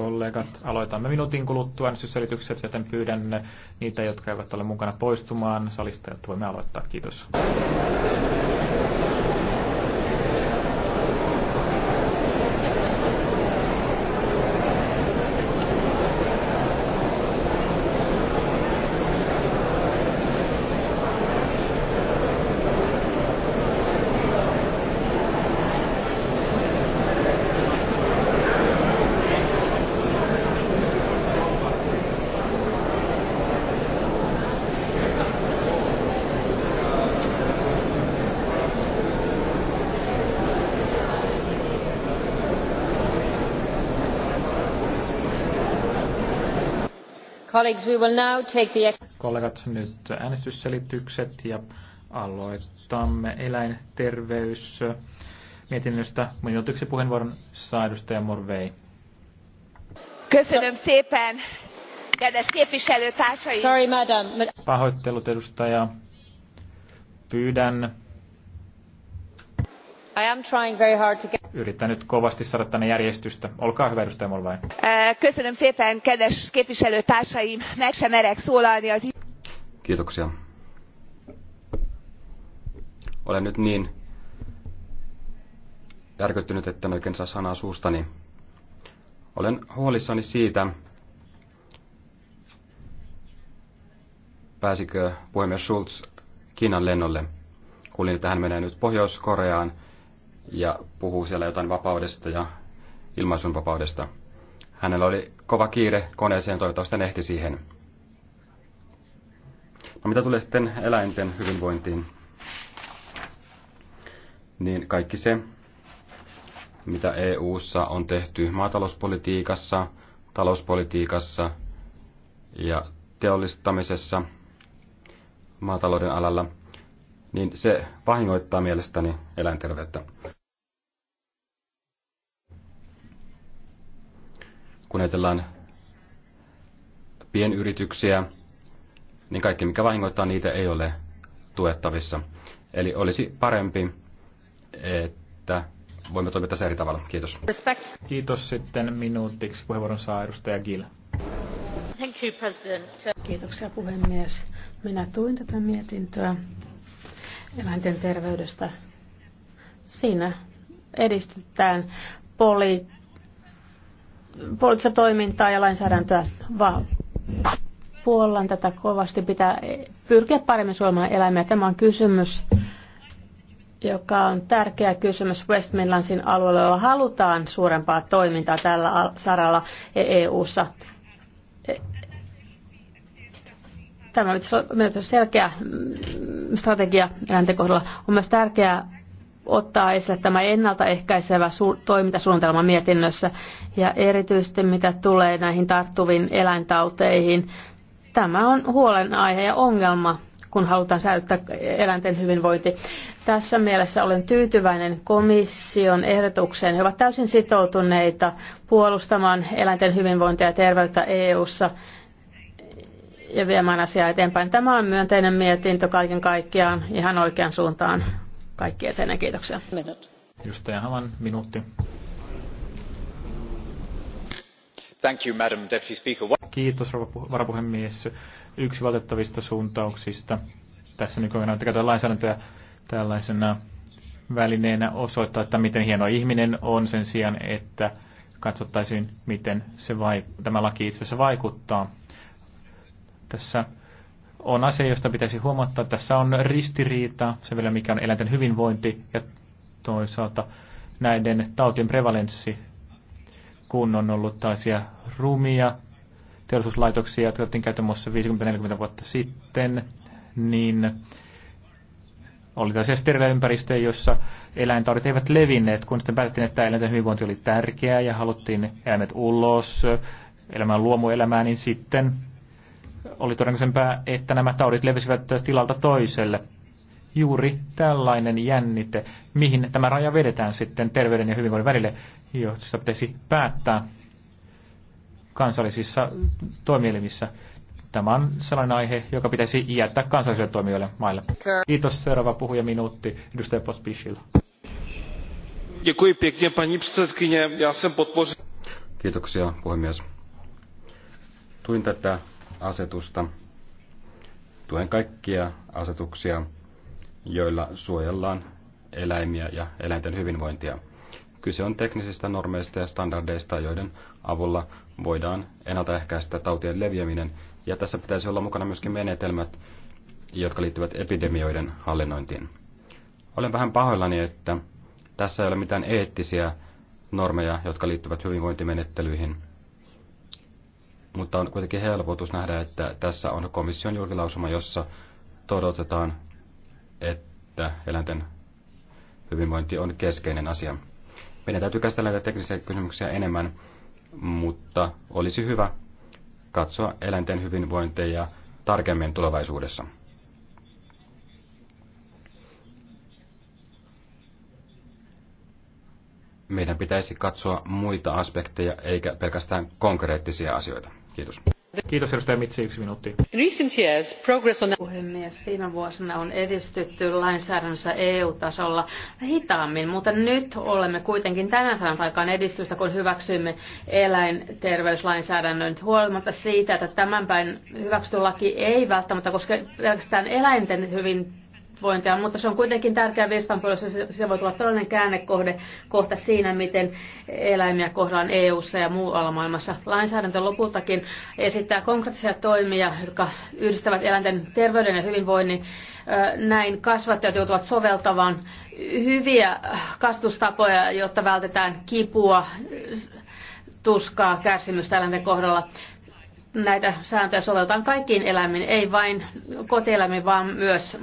Kollegat, aloitamme minuutin kuluttua äänestysselitykset, joten pyydän niitä, jotka eivät ole mukana poistumaan salista, että voimme aloittaa. Kiitos. Kollegat, nyt äänestysselitykset ja aloitamme eläinterveys mietinnöstä. Minuutiksi puheenvuoron saa edustaja Morvei. Köszönöm szépen, kedves képviselőtársaim! Sorry, madam. Pahoittelut, edustaja. Pyydän Yritän nyt Yrittänyt kovasti saada tänne järjestystä. Olkaa hyvä, edustaja Molvain. Köszönöm szépen, kedves képviselőtársaim. Meg sem merek szólalni az... Kiitoksia. Olen nyt niin järkyttynyt, että en oikein saa sanaa suustani. Olen huolissani siitä, pääsikö puhemies Schulz Kiinan lennolle. Kuulin, että hän menee nyt Pohjois-Koreaan ja puhuu siellä jotain vapaudesta ja ilmaisunvapaudesta. Hänellä oli kova kiire koneeseen, toivottavasti hän ehti siihen. No, mitä tulee sitten eläinten hyvinvointiin, niin kaikki se, mitä EU:ssa on tehty maatalouspolitiikassa, talouspolitiikassa ja teollistamisessa maatalouden alalla, niin se vahingoittaa mielestäni eläinterveyttä. kun ajatellaan pienyrityksiä, niin kaikki mikä vahingoittaa niitä ei ole tuettavissa. Eli olisi parempi, että voimme toimia tässä eri tavalla. Kiitos. Respect. Kiitos sitten minuutiksi. Puheenvuoron saa edustaja Gil. Thank you, President. Kiitoksia puhemies. Minä tuin tätä mietintöä eläinten terveydestä. Siinä edistetään poliittista poliittista toimintaa ja lainsäädäntöä vaan puollan tätä kovasti. Pitää pyrkiä paremmin suomalainen eläimiä. Tämä on kysymys, joka on tärkeä kysymys West Midlandsin alueella, jolla halutaan suurempaa toimintaa tällä saralla EU-ssa. E Tämä on selkeä strategia eläinten kohdalla. On myös tärkeää ottaa esille tämä ennaltaehkäisevä toimintasuunnitelma mietinnössä ja erityisesti mitä tulee näihin tarttuviin eläintauteihin. Tämä on huolenaihe ja ongelma, kun halutaan säilyttää eläinten hyvinvointi. Tässä mielessä olen tyytyväinen komission ehdotukseen. He ovat täysin sitoutuneita puolustamaan eläinten hyvinvointia ja terveyttä EU-ssa ja viemään asiaa eteenpäin. Tämä on myönteinen mietintö kaiken kaikkiaan ihan oikean suuntaan kaikki etenee. Kiitoksia. Edustaja Havan, minuutti. Thank you, Madam Deputy Speaker. Kiitos, varapuhemies. Yksi valitettavista suuntauksista tässä nykyään käytetään lainsäädäntöä tällaisena välineenä osoittaa, että miten hieno ihminen on sen sijaan, että katsottaisiin, miten se vaik- tämä laki itse asiassa vaikuttaa. Tässä on asia, josta pitäisi että Tässä on ristiriita, se vielä mikä on eläinten hyvinvointi ja toisaalta näiden tautien prevalenssi, kun on ollut taisia rumia teollisuuslaitoksia, jotka otettiin käyttöön 50-40 vuotta sitten, niin oli tällaisia sterilejä ympäristöjä, jossa eläintaudit eivät levinneet, kun sitten päätettiin, että eläinten hyvinvointi oli tärkeää ja haluttiin eläimet ulos elämään luomuelämää, niin sitten oli todennäköisempää, että nämä taudit levisivät tilalta toiselle. Juuri tällainen jännite, mihin tämä raja vedetään sitten terveyden ja hyvinvoinnin välille, josta pitäisi päättää kansallisissa toimielimissä. Tämä on sellainen aihe, joka pitäisi jättää kansallisille toimijoille maille. Kiitos. Seuraava puhuja minuutti. Edustaja Pospisil. Kiitoksia, puhemies. Tuin tätä asetusta. Tuen kaikkia asetuksia, joilla suojellaan eläimiä ja eläinten hyvinvointia. Kyse on teknisistä normeista ja standardeista, joiden avulla voidaan ennaltaehkäistä tautien leviäminen, ja tässä pitäisi olla mukana myöskin menetelmät, jotka liittyvät epidemioiden hallinnointiin. Olen vähän pahoillani, että tässä ei ole mitään eettisiä normeja, jotka liittyvät hyvinvointimenettelyihin – mutta on kuitenkin helpotus nähdä, että tässä on komission julkilausuma, jossa todotetaan, että eläinten hyvinvointi on keskeinen asia. Meidän täytyy käsitellä näitä teknisiä kysymyksiä enemmän, mutta olisi hyvä katsoa eläinten hyvinvointeja tarkemmin tulevaisuudessa. Meidän pitäisi katsoa muita aspekteja eikä pelkästään konkreettisia asioita. Kiitos. Kiitos edustaja Mitsi, yksi minuutti. Puhemies, viime vuosina on edistytty lainsäädännössä EU-tasolla hitaammin, mutta nyt olemme kuitenkin tänään saanut aikaan edistystä, kun hyväksyimme eläinterveyslainsäädännön. Huolimatta siitä, että tämän päin hyväksytty laki ei välttämättä koske pelkästään eläinten hyvin hyvinvointia, mutta se on kuitenkin tärkeä vestanpuolella, se voi tulla tällainen käännekohde kohta siinä, miten eläimiä kohdellaan EU-ssa ja muualla maailmassa. Lainsäädäntö lopultakin esittää konkreettisia toimia, jotka yhdistävät eläinten terveyden ja hyvinvoinnin. Näin kasvattajat joutuvat soveltamaan hyviä kastustapoja, jotta vältetään kipua, tuskaa, kärsimystä eläinten kohdalla näitä sääntöjä soveltaan kaikkiin eläimiin, ei vain kotieläimiin, vaan myös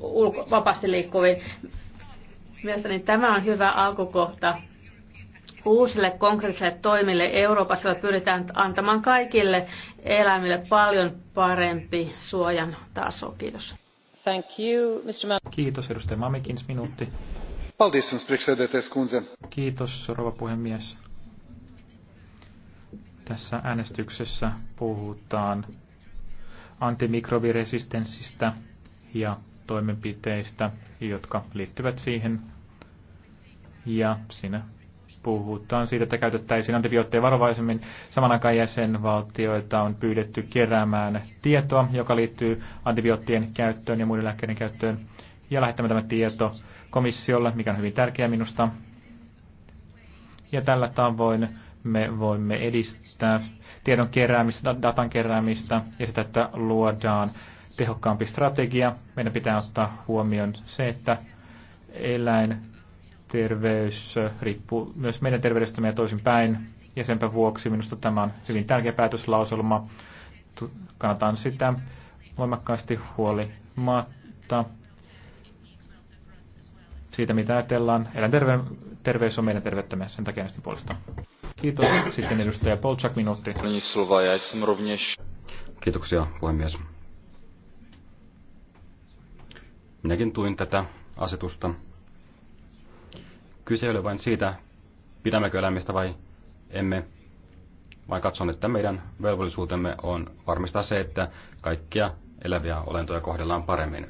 ulko, vapaasti liikkuviin. Mielestäni tämä on hyvä alkukohta uusille konkreettisille toimille Euroopassa, pyritään antamaan kaikille eläimille paljon parempi suojan taso. Kiitos. Thank you, Mr. Ma- Kiitos, edustaja Mamikins, minuutti. Kiitos, rouva puhemies. Tässä äänestyksessä puhutaan antimikrobiresistenssistä ja toimenpiteistä, jotka liittyvät siihen. Ja siinä puhutaan siitä, että käytettäisiin antibiootteja varovaisemmin. Saman aikaan jäsenvaltioita on pyydetty keräämään tietoa, joka liittyy antibioottien käyttöön ja muiden lääkkeiden käyttöön. Ja lähettämään tämä tieto komissiolle, mikä on hyvin tärkeää minusta. Ja tällä tavoin me voimme edistää edistämistä, tiedon keräämistä, datan keräämistä ja sitä, että luodaan tehokkaampi strategia. Meidän pitää ottaa huomioon se, että terveys riippuu myös meidän terveydestämme ja toisinpäin. Ja senpä vuoksi minusta tämä on hyvin tärkeä päätöslauselma. Kannatan sitä voimakkaasti huolimatta siitä, mitä ajatellaan. Eläinterveys on meidän terveyttämme, sen takia puolesta. Kiitos. Sitten edustaja Polchak minuutti. Kiitoksia puhemies. Minäkin tuin tätä asetusta. Kyse ei ole vain siitä, pidämmekö eläimistä vai emme, vaan katson, että meidän velvollisuutemme on varmistaa se, että kaikkia eläviä olentoja kohdellaan paremmin.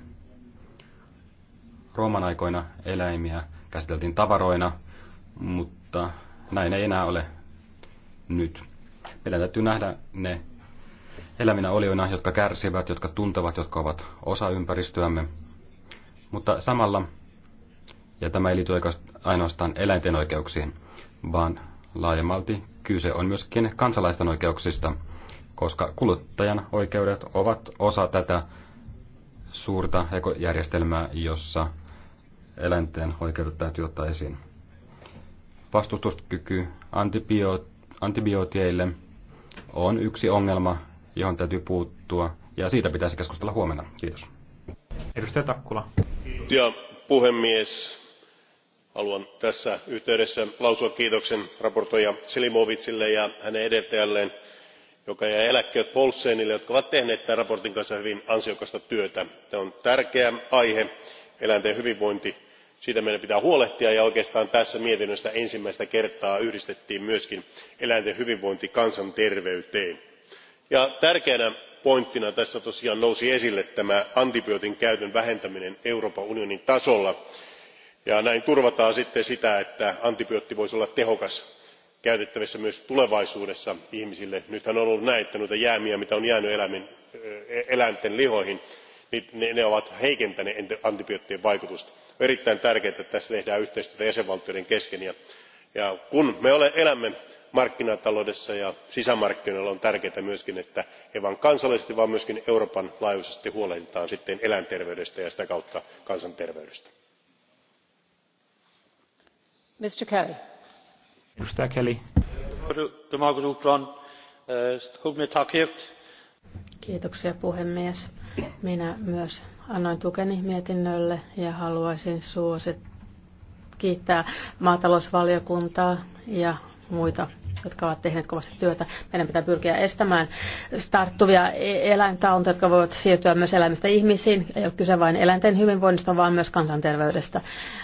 Rooman aikoina eläimiä käsiteltiin tavaroina, mutta näin ei enää ole nyt. Meidän täytyy nähdä ne eläminä olioina, jotka kärsivät, jotka tuntevat, jotka ovat osa ympäristöämme. Mutta samalla, ja tämä ei liity ainoastaan eläinten oikeuksiin, vaan laajemmalti kyse on myöskin kansalaisten oikeuksista, koska kuluttajan oikeudet ovat osa tätä suurta ekojärjestelmää, jossa eläinten oikeudet täytyy ottaa esiin. Vastustuskyky, antibiootti, antibiooteille on yksi ongelma, johon täytyy puuttua, ja siitä pitäisi keskustella huomenna. Kiitos. Edustaja Takkula. Ja puhemies, haluan tässä yhteydessä lausua kiitoksen raportoija Silimovitsille ja hänen edeltäjälleen joka jäi eläkkeelle paulsenille jotka ovat tehneet tämän raportin kanssa hyvin ansiokasta työtä. tämä on tärkeä aihe eläinten hyvinvointi siitä meidän pitää huolehtia ja oikeastaan tässä mietinnössä ensimmäistä kertaa yhdistettiin myös eläinten hyvinvointi kansanterveyteen. tärkeänä pointtina tässä tosiaan nousi esille tämä antibiootin käytön vähentäminen euroopan unionin tasolla ja näin turvataan sitten sitä että antibiootti voisi olla tehokas käytettävissä myös tulevaisuudessa ihmisille. nythän on ollut näin että noita jäämiä mitä on jäänyt eläinten lihoihin niin ne ovat heikentäneet antibioottien vaikutusta on erittäin tärkeää että tässä tehdään yhteistyötä jäsenvaltioiden kesken ja kun me elämme markkinataloudessa ja sisämarkkinoilla on tärkeää myös että ei vain kansallisesti vaan myös euroopan laajuisesti huolehditaan eläinterveydestä ja sitä kautta kansanterveydestä. arvoisa puhemies minä myös Annoin tukeni mietinnölle ja haluaisin suosit kiittää maatalousvaliokuntaa ja muita jotka ovat tehneet kovasti työtä. Meidän pitää pyrkiä estämään starttuvia e-, eläintauntoja, jotka voivat siirtyä myös eläimistä ihmisiin. Ei ole kyse vain eläinten hyvinvoinnista, vaan myös kansanterveydestä.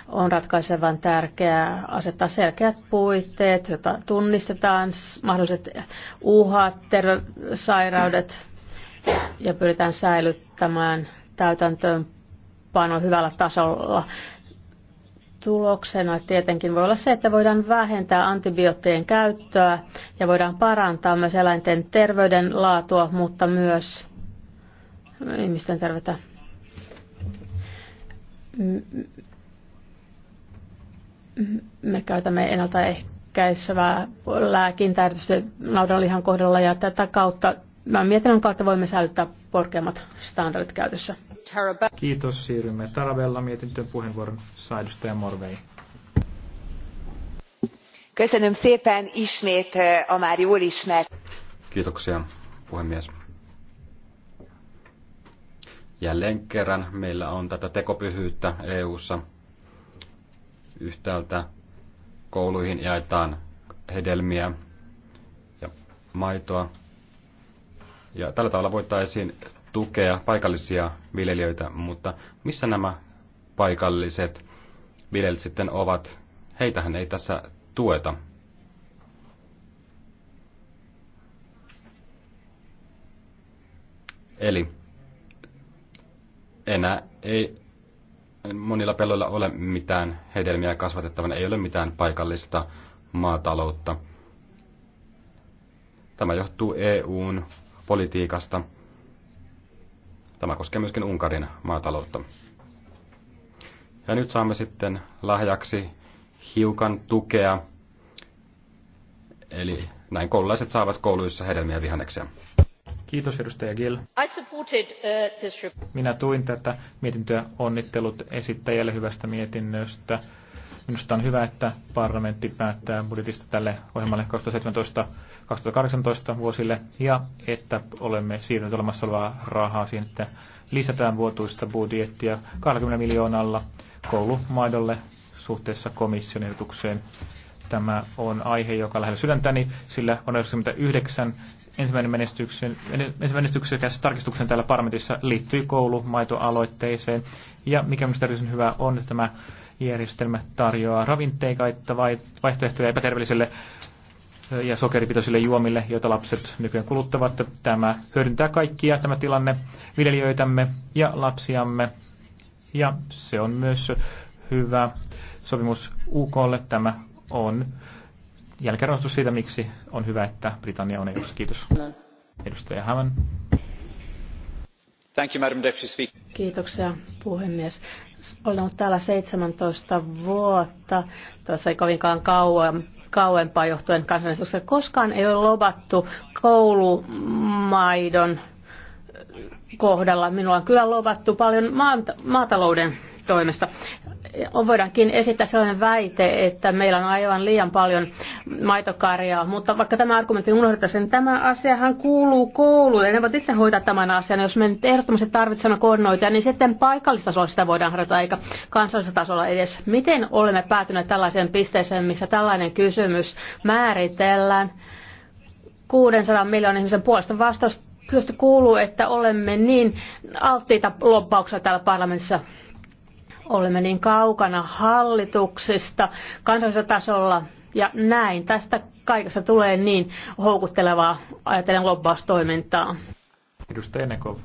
On ratkaisevan tärkeää asettaa selkeät puitteet, joita tunnistetaan, mahdolliset uhat, sairaudet ja pyritään säilyttämään täytäntöönpano hyvällä tasolla. Tuloksena tietenkin voi olla se, että voidaan vähentää antibioottien käyttöä ja voidaan parantaa myös eläinten terveydenlaatua, mutta myös ihmisten terveyttä me käytämme ennaltaehkäisevää lääkintää erityisesti naudanlihan kohdalla ja tätä kautta Mä mietinnön kautta voimme säilyttää korkeammat standardit käytössä. Kiitos, siirrymme Tarabella mietintön puheenvuoron saa edustaja Morvei. Köszönöm szépen ismét a már jól ismert. Kiitoksia, puhemies. Jälleen kerran meillä on tätä tekopyhyyttä EU:ssa. Yhtäältä kouluihin jaetaan hedelmiä ja maitoa ja tällä tavalla voitaisiin tukea paikallisia viljelijöitä, mutta missä nämä paikalliset viljelijät sitten ovat? Heitähän ei tässä tueta. Eli enää ei monilla pelloilla ole mitään hedelmiä kasvatettavana, ei ole mitään paikallista maataloutta. Tämä johtuu EUn politiikasta. Tämä koskee myöskin Unkarin maataloutta. Ja nyt saamme sitten lahjaksi hiukan tukea. Eli näin koululaiset saavat kouluissa hedelmiä vihanneksia. Kiitos edustaja Gill. I supported, uh, this... Minä tuin tätä mietintöä onnittelut esittäjälle hyvästä mietinnöstä. Minusta on hyvä, että parlamentti päättää budjetista tälle ohjelmalle 2017-2018 vuosille ja että olemme siirtyneet olemassa olevaa rahaa siihen, että lisätään vuotuista budjettia 20 miljoonalla koulumaidolle suhteessa komission ehdotukseen. Tämä on aihe, joka on lähellä sydäntäni, sillä on 99 ensimmäinen menestyksen, menestyksekäs tarkistuksen täällä parlamentissa liittyy koulumaitoaloitteeseen. Ja mikä minusta erityisen hyvä on, että tämä järjestelmä tarjoaa ravinteikaita vaihtoehtoja epäterveelliselle ja sokeripitoisille juomille, joita lapset nykyään kuluttavat. Tämä hyödyntää kaikkia tämä tilanne, viljelijöitämme ja lapsiamme. Ja se on myös hyvä sopimus UKlle. Tämä on jälkeenrahoitus siitä, miksi on hyvä, että Britannia on EU. Kiitos. Edustaja Hämän. Kiitoksia puhemies. Olen ollut täällä 17 vuotta. Tuossa ei kovinkaan kauan kauempaa johtuen kansanäänestyksestä. Koskaan ei ole lobattu koulumaidon kohdalla. Minulla on kyllä lobattu paljon maata, maatalouden toimesta voidaankin esittää sellainen väite, että meillä on aivan liian paljon maitokarjaa, mutta vaikka tämä argumentti unohdettaisiin, niin tämä asiahan kuuluu kouluille. Ne voivat itse hoitaa tämän asian. Jos me nyt ehdottomasti tarvitsemme koordinointia, niin sitten paikallistasolla sitä voidaan harjoittaa, eikä kansallisella tasolla edes. Miten olemme päätyneet tällaiseen pisteeseen, missä tällainen kysymys määritellään 600 miljoonan ihmisen puolesta vastaus? Kyllä kuuluu, että olemme niin alttiita loppauksia täällä parlamentissa olemme niin kaukana hallituksista kansallisella tasolla ja näin. Tästä kaikesta tulee niin houkuttelevaa ajatellen lobbaustoimintaa. Edustaja Enekov.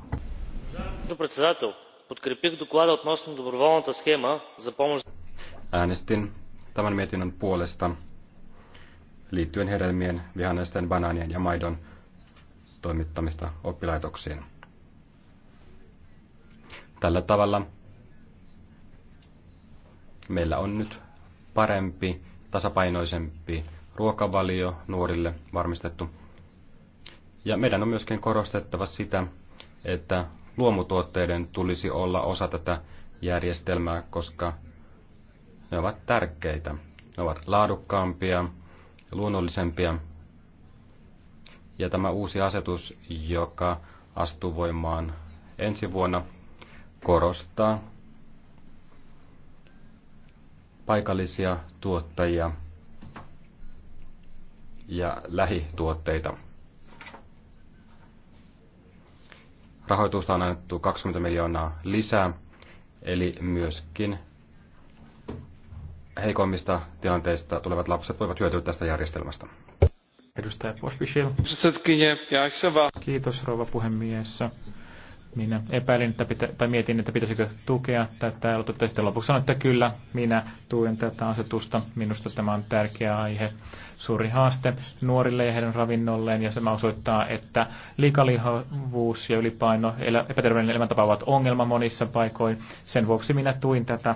Äänestin tämän mietinnön puolesta liittyen hedelmien, vihannesten, banaanien ja maidon toimittamista oppilaitoksiin. Tällä tavalla Meillä on nyt parempi, tasapainoisempi ruokavalio nuorille varmistettu. Ja meidän on myöskin korostettava sitä, että luomutuotteiden tulisi olla osa tätä järjestelmää, koska ne ovat tärkeitä. Ne ovat laadukkaampia, luonnollisempia. Ja tämä uusi asetus, joka astuu voimaan ensi vuonna, korostaa paikallisia tuottajia ja lähituotteita. Rahoitusta on annettu 20 miljoonaa lisää, eli myöskin heikoimmista tilanteista tulevat lapset voivat hyötyä tästä järjestelmästä. Edustaja Pospisil. Kiitos rouva puhemies. Minä epäilin, että pitä, tai mietin, että pitäisikö tukea tätä aloitetta. Sitten lopuksi sanoin, että kyllä, minä tuen tätä asetusta. Minusta tämä on tärkeä aihe, suuri haaste nuorille ja heidän ravinnolleen. Ja se osoittaa, että liikalihavuus ja ylipaino, epäterveellinen elämäntapa ovat ongelma monissa paikoin. Sen vuoksi minä tuin tätä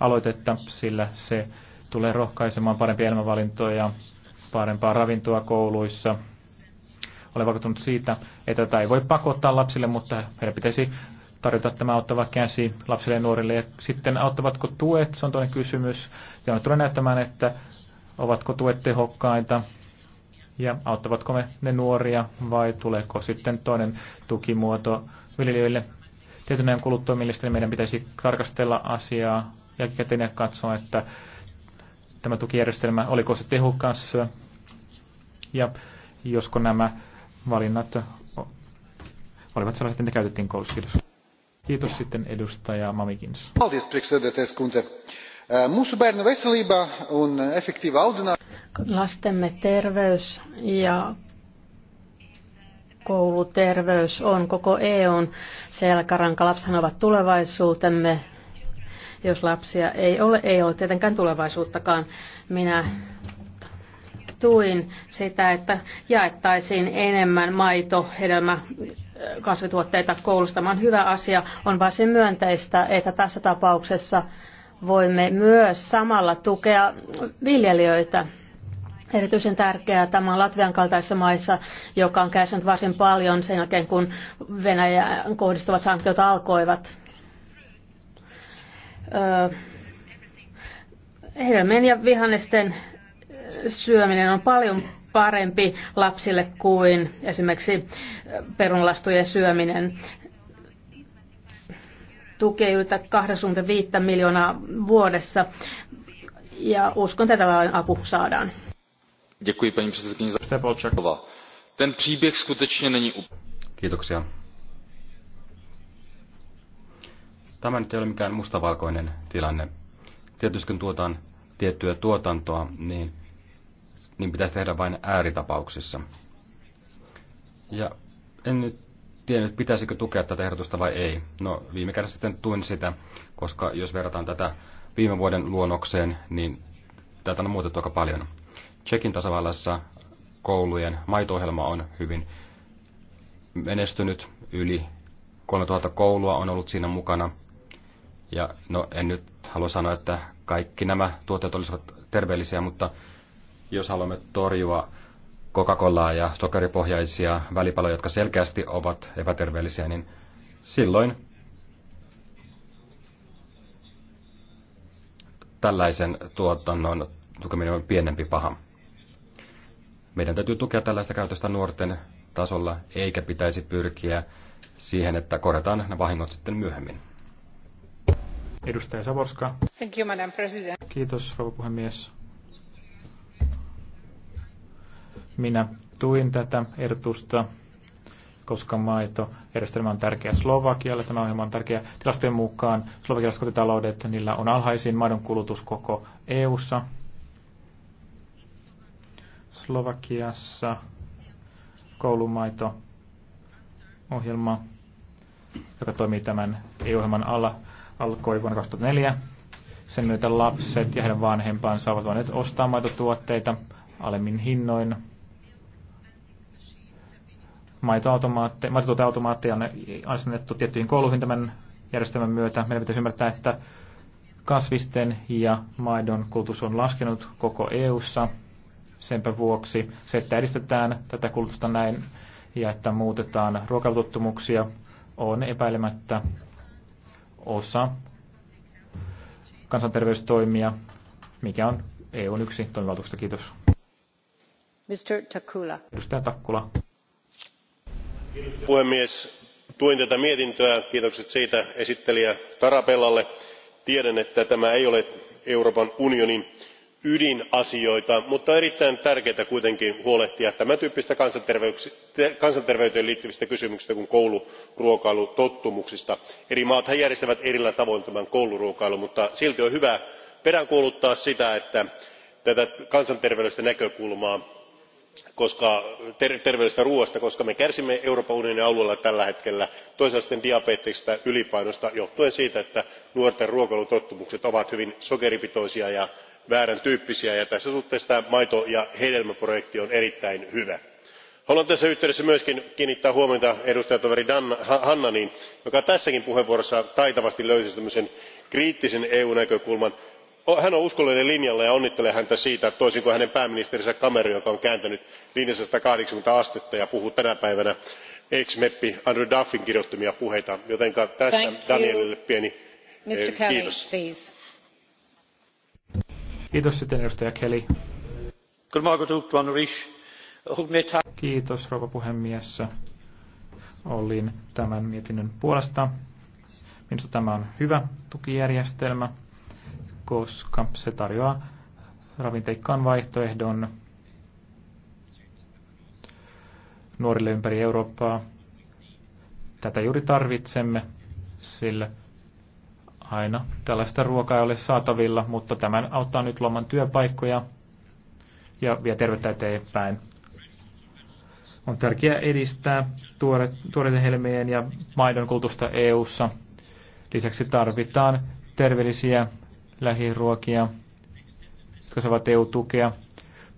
aloitetta, sillä se tulee rohkaisemaan parempia elämänvalintoja, parempaa ravintoa kouluissa, olen vakuuttunut siitä, että tätä ei voi pakottaa lapsille, mutta heidän pitäisi tarjota tämä auttava käsi lapsille ja nuorille. Ja sitten auttavatko tuet, se on toinen kysymys. Ja on tulee näyttämään, että ovatko tuet tehokkaita ja auttavatko me ne nuoria vai tuleeko sitten toinen tukimuoto viljelijöille. Tietyn ajan kuluttua mielestäni meidän pitäisi tarkastella asiaa käteen ja katsoa, että tämä tukijärjestelmä, oliko se tehokas ja josko nämä valinnat olivat sellaiset, että ne käytettiin koulussa. Kiitos. Kiitos sitten edustaja Mamikins. Lastemme terveys ja kouluterveys on koko EUn selkäranka. Lapsethan ovat tulevaisuutemme. Jos lapsia ei ole, ei ole tietenkään tulevaisuuttakaan. Minä tuin sitä, että jaettaisiin enemmän maito, hedelmä, kasvituotteita koulustamaan. Hyvä asia on varsin myönteistä, että tässä tapauksessa voimme myös samalla tukea viljelijöitä. Erityisen tärkeää tämä on Latvian kaltaisissa maissa, joka on kärsinyt varsin paljon sen jälkeen, kun Venäjän kohdistuvat sanktiot alkoivat. Öö, hedelmien ja vihannesten syöminen on paljon parempi lapsille kuin esimerkiksi perunlastujen syöminen. tukee yli 25 miljoonaa vuodessa ja uskon, että tällainen apu saadaan. Kiitoksia. Tämä nyt ei ole mikään mustavalkoinen tilanne. Tietysti kun tuotaan tiettyä tuotantoa, niin niin pitäisi tehdä vain ääritapauksissa. Ja en nyt tiennyt, pitäisikö tukea tätä ehdotusta vai ei. No viime kerralla sitten tuin sitä, koska jos verrataan tätä viime vuoden luonnokseen, niin tätä on muutettu aika paljon. Tsekin tasavallassa koulujen maito on hyvin menestynyt. Yli 3000 koulua on ollut siinä mukana. Ja no en nyt halua sanoa, että kaikki nämä tuotteet olisivat terveellisiä, mutta jos haluamme torjua Coca-Colaa ja sokeripohjaisia välipaloja, jotka selkeästi ovat epäterveellisiä, niin silloin tällaisen tuotannon tukeminen on pienempi paha. Meidän täytyy tukea tällaista käytöstä nuorten tasolla, eikä pitäisi pyrkiä siihen, että korjataan ne vahingot sitten myöhemmin. Edustaja Savorska. Thank you, Madam President. Kiitos, rouva puhemies. Minä tuin tätä ehdotusta, koska maito järjestelmä on tärkeä Slovakialle. Tämä ohjelma on tärkeä tilastojen mukaan. Slovakialaiset kotitaloudet, niillä on alhaisin maidon kulutus koko EU-ssa. Slovakiassa koulumaito ohjelma, joka toimii tämän EU-ohjelman alla, alkoi vuonna 2004. Sen myötä lapset ja heidän vanhempansa ovat voineet ostaa maitotuotteita alemmin hinnoin maitoautomaatteja, maitotuoteautomaatteja on asennettu tiettyihin kouluihin tämän järjestelmän myötä. Meidän pitäisi ymmärtää, että kasvisten ja maidon kulutus on laskenut koko EU:ssa. Senpä vuoksi se, että edistetään tätä kulutusta näin ja että muutetaan ruokailutottumuksia, on epäilemättä osa kansanterveystoimia, mikä on EUn yksi toimivaltuuksista. Kiitos. Mr. Takula. Edustaja Takkula arvoisa puhemies tuen tätä mietintöä kiitokset siitä esittelijä tarabellalle. tiedän että tämä ei ole euroopan unionin ydinasioita mutta on erittäin tärkeää kuitenkin huolehtia tämän tyyppisistä kansanterveyteen liittyvistä kysymyksistä kuin kouluruokailutottumuksista. eri maathan järjestävät eri tavoin tämän kouluruokailun mutta silti on hyvä peräänkuuluttaa sitä että tätä kansanterveydellistä näkökulmaa terveellisestä ruoasta koska me kärsimme euroopan unionin alueella tällä hetkellä toisen asteen diabeteksesta ja ylipainosta johtuen siitä että nuorten ruokailutottumukset ovat hyvin sokeripitoisia ja väärän tyyppisiä ja tässä suhteessa tämä maito ja hedelmäprojekti on erittäin hyvä. haluan tässä yhteydessä myös kiinnittää huomiota edustajatoveri hannaniin joka tässäkin puheenvuorossa taitavasti löysi kriittisen eu näkökulman hän on uskollinen linjalle ja onnittelen häntä siitä toisin kuin hänen pääministerinsä cameron joka on kääntänyt linjansa satakahdeksankymmentä astetta ja puhuu tänä päivänä ex meppi andrew duffin kirjoittamia puheita joten tästä danielille pieni eh, kiitos. Kiitos sitten Kelly. Kiitos rouva puhemies. Olin tämän mietinnön puolesta. Minusta tämä on hyvä tukijärjestelmä koska se tarjoaa ravinteikkaan vaihtoehdon nuorille ympäri Eurooppaa. Tätä juuri tarvitsemme, sillä aina tällaista ruokaa ei ole saatavilla, mutta tämän auttaa nyt loman työpaikkoja ja vie terveyttä eteenpäin. On tärkeää edistää tuore, tuoreiden helmien ja maidon kulutusta EU-ssa. Lisäksi tarvitaan terveellisiä lähiruokia, jotka saavat EU-tukea.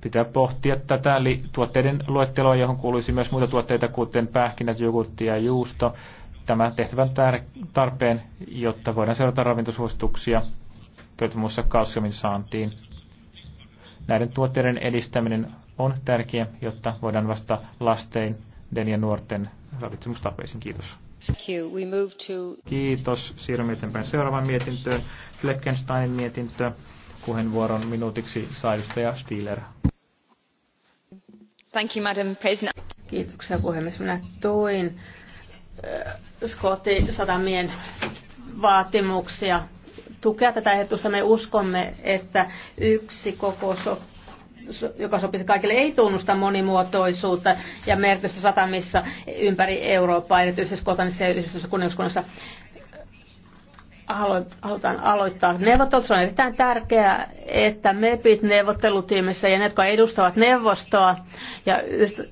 Pitää pohtia tätä eli tuotteiden luetteloa, johon kuuluisi myös muita tuotteita, kuten pähkinät, jogurtti ja juusto. Tämä tehtävän tarpeen, jotta voidaan seurata ravintosuosituksia, joita muussa kalsiumin saantiin. Näiden tuotteiden edistäminen on tärkeä, jotta voidaan vastata lasten ja nuorten ravitsemustarpeisiin. Kiitos. Kiitos. Siirrymme eteenpäin seuraavaan mietintöön. Fleckensteinin mietintö. Puheenvuoron minuutiksi saa edustaja Stieler. Thank you, Madam President. Kiitoksia puhemies. Minä toin äh, Skotti Sadamien vaatimuksia tukea tätä ehdotusta. Me uskomme, että yksi koko joka sopisi kaikille, ei tunnusta monimuotoisuutta ja merkitystä satamissa ympäri Eurooppaa, erityisesti Skotlannissa ja yhdistyksessä kuningaskunnassa halutaan aloittaa neuvottelut. Se on erittäin tärkeää, että MEPit neuvottelutiimissä ja ne, jotka edustavat neuvostoa ja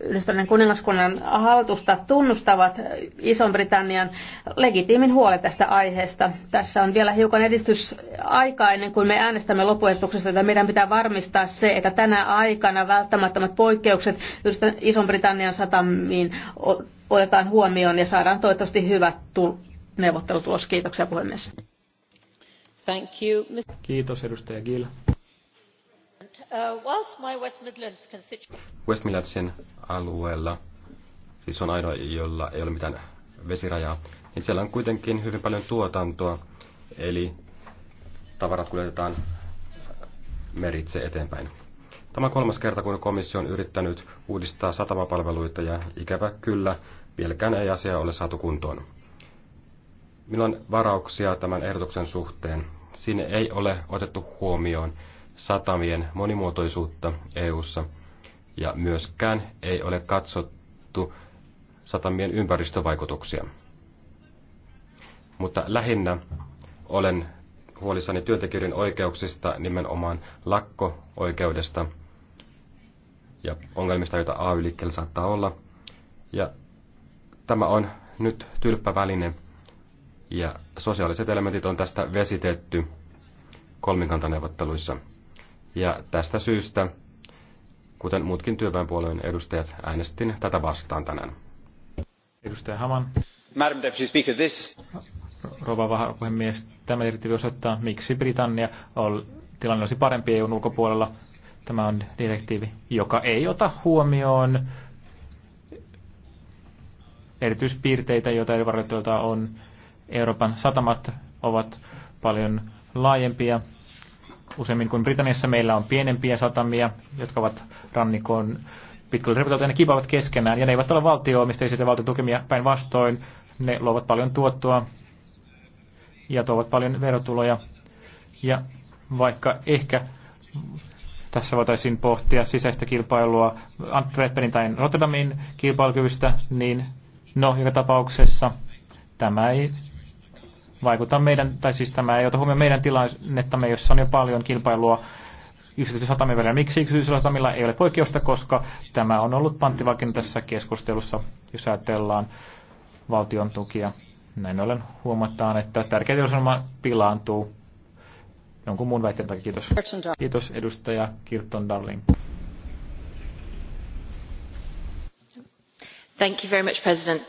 yhdistyneen kuningaskunnan hallitusta tunnustavat Ison-Britannian legitiimin huolen tästä aiheesta. Tässä on vielä hiukan edistysaikaa ennen kuin me äänestämme lopuetuksesta, että meidän pitää varmistaa se, että tänä aikana välttämättömät poikkeukset Ison-Britannian satamiin otetaan huomioon ja saadaan toivottavasti hyvä tulokset neuvottelutulos. Kiitoksia puhemies. Thank you. Kiitos edustaja Gill. Uh, West Midlandsin alueella, siis on ainoa, jolla ei ole mitään vesirajaa, niin siellä on kuitenkin hyvin paljon tuotantoa, eli tavarat kuljetetaan meritse eteenpäin. Tämä on kolmas kerta, kun komissio on yrittänyt uudistaa satamapalveluita ja ikävä kyllä, vieläkään ei asia ole saatu kuntoon. Minulla on varauksia tämän ehdotuksen suhteen. Siinä ei ole otettu huomioon satamien monimuotoisuutta EU:ssa ja myöskään ei ole katsottu satamien ympäristövaikutuksia. Mutta lähinnä olen huolissani työntekijöiden oikeuksista, nimenomaan lakko-oikeudesta ja ongelmista, joita AY-liikkeellä saattaa olla. Ja tämä on nyt tylppäväline väline, ja sosiaaliset elementit on tästä vesitetty kolmikantaneuvotteluissa. Ja tästä syystä, kuten muutkin työväenpuolueen edustajat, äänestin tätä vastaan tänään. Edustaja Haman. Madam Deputy Speaker, this... Rova puhemies, tämä direktiivi osoittaa, miksi Britannia on, tilanne olisi parempi EUn ulkopuolella. Tämä on direktiivi, joka ei ota huomioon erityispiirteitä, joita eri varjoittajilta on Euroopan satamat ovat paljon laajempia. Useimmin kuin Britanniassa meillä on pienempiä satamia, jotka ovat rannikon pitkällä pitkälle ja ne kipaavat keskenään ja ne eivät ole valtio ja valtion tukemia päinvastoin. Ne luovat paljon tuottoa ja tuovat paljon verotuloja. Ja vaikka ehkä tässä voitaisiin pohtia sisäistä kilpailua Antwerpenin tai Rotterdamin kilpailukyvystä, niin no, joka tapauksessa tämä ei vaikuta meidän, tai siis tämä ei ota huomioon meidän tilannettamme, jossa on jo paljon kilpailua yksityissatamien välillä. Miksi satamilla ei ole poikkeusta, koska tämä on ollut panttivakin tässä keskustelussa, jos ajatellaan valtion tukia. Näin ollen huomataan, että tärkeä teollisuusohjelma pilaantuu jonkun muun väitteen takia. Kiitos. Kiitos edustaja Kirton Darling. Thank you very much, President.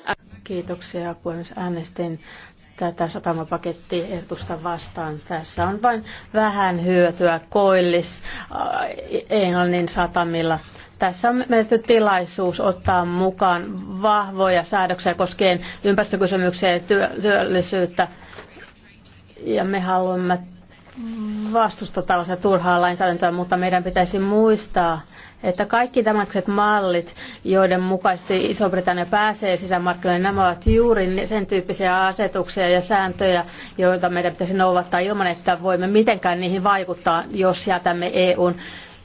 Kiitoksia puhemies. Äänestin tätä satamapakettiehdotusta vastaan. Tässä on vain vähän hyötyä koillis äh, Englannin satamilla. Tässä on menetty tilaisuus ottaa mukaan vahvoja säädöksiä koskien ympäristökysymyksiä ja työllisyyttä. Ja me haluamme vastusta tällaista turhaa lainsäädäntöä, mutta meidän pitäisi muistaa, että kaikki tämäkset mallit, joiden mukaisesti Iso-Britannia pääsee sisämarkkinoille, nämä ovat juuri sen tyyppisiä asetuksia ja sääntöjä, joita meidän pitäisi noudattaa ilman, että voimme mitenkään niihin vaikuttaa, jos jätämme EUn.